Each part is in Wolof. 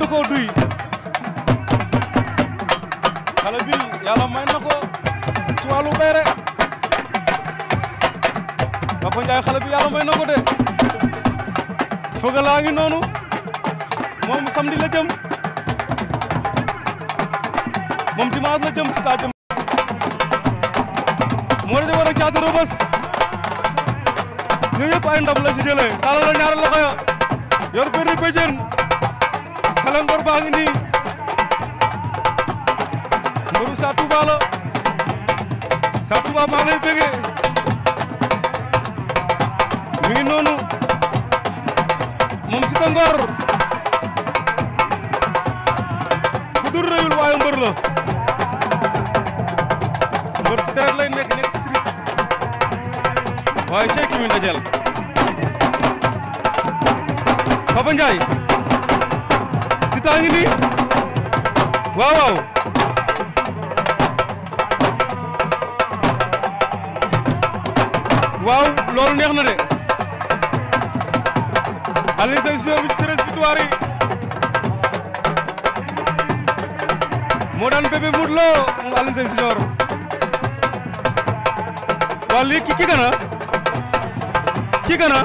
da koo duy xale bi yàlla may na ko ci wàllu mbay rek Papa Ndiaye xale bi yàlla may na ko de Feugeula a ngi noonu moom samedi la jëm moom dimanche la jëm si taa jëm moo di war a caata Rebeuss ñoo yëpp ay ndam la si jëlee tàllal la ñaari loxo ya yor benn bëjën xale ngor baa ngi nii ngoru Sa Touba la Sa Touba maa lay bëgge mi ngi noonu moom Siteu Ngor ku dur rëyul waaye mbër la mbër ci deret lay nekk nekk ci street waaye cey ki mi dajel Papa Ndiaye résultat ngi nii waaw waaw waaw loolu neex na de Alioune Seye Junior bi ci treize victoire yi moo daan bébé Modou Lo moom Alioune Seye Junior waaw lii ki ki gana ki gana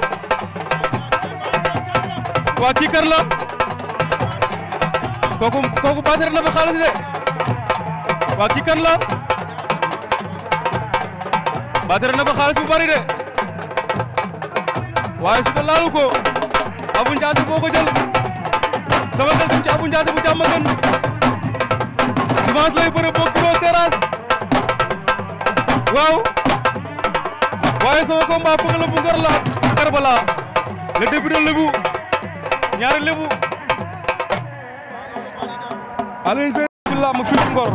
waa kii kan la kooku kooku baatere na fa xaalis de waa kii kan la baatere na fa xaalis bu bari de waaye suba laalu ko Abou Ndiassé moo ko jël sama xel dem ci Abou Ndiassé bu jàmm gën dimanche lay bëre boog Giro Seras waaw waaye sama combat fëgg la bu ngor la ak Karbala le député Lebu ñaari Lebu Alioune Seye fi làmb fi ngor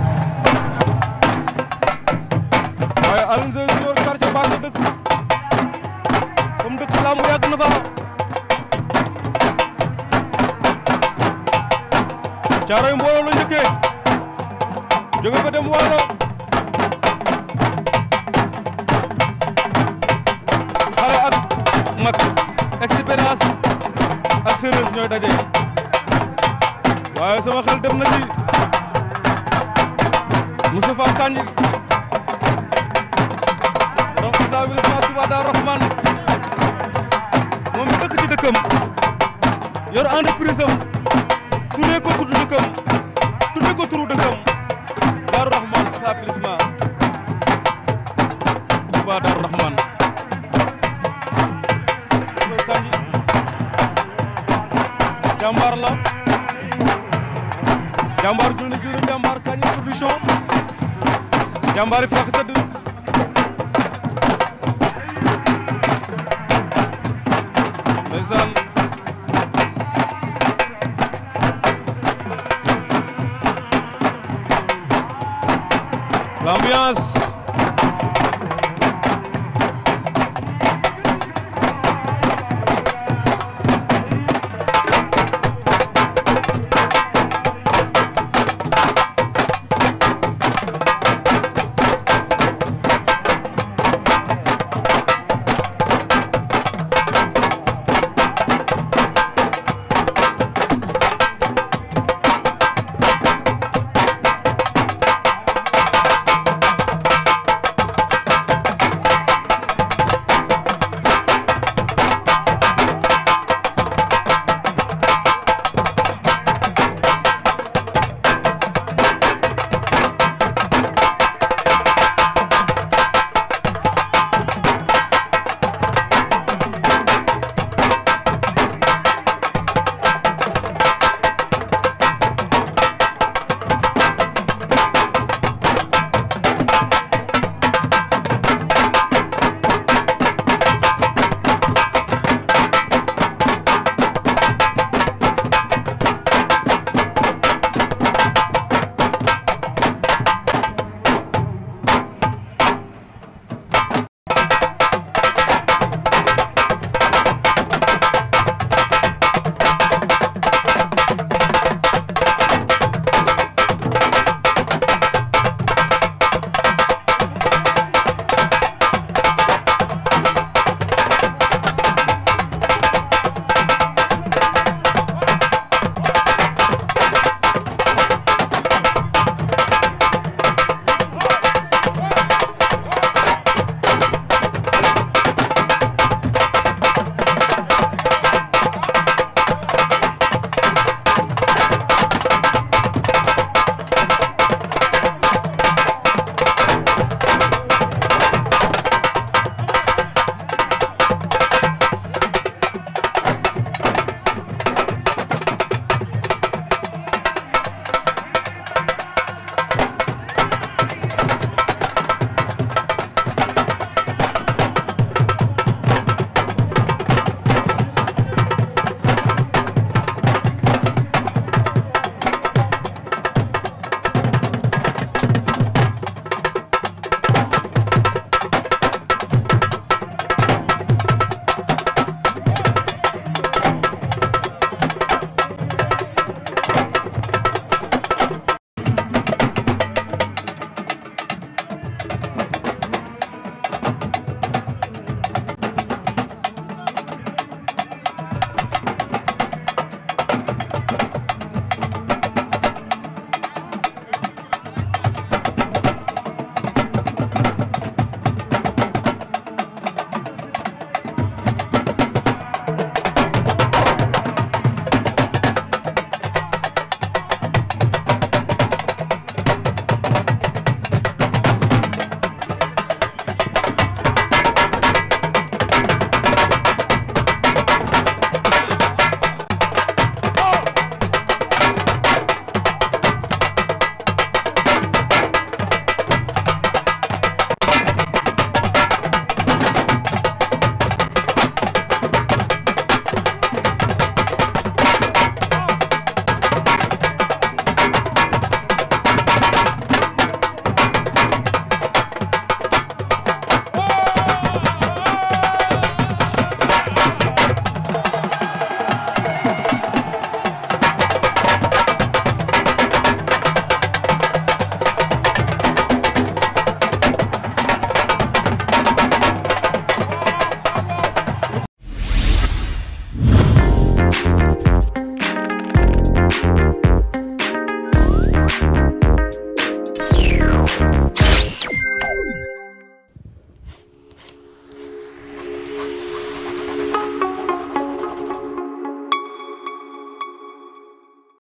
waaye Alioune Seye Junior quartier baa nga dëkk comme dëkk làmb yàgg na fa caaroy mbooloo la njëkkee jóge fa dem waalo xale ak mag expérience ak séeréer ñooy daje waaye sama xel dem na ci Moustapha Kandji borom Fatou Wada Rahman moom dëkk ci dëkkam yor entreprise am tuddee ko dëkkam ko turu dëkkam Rahman établissement Touba Rahman Kandji la jàmbaar juni jambar jàmbaar production jàmbaari fokk tëdd ndeysaan l'ambiance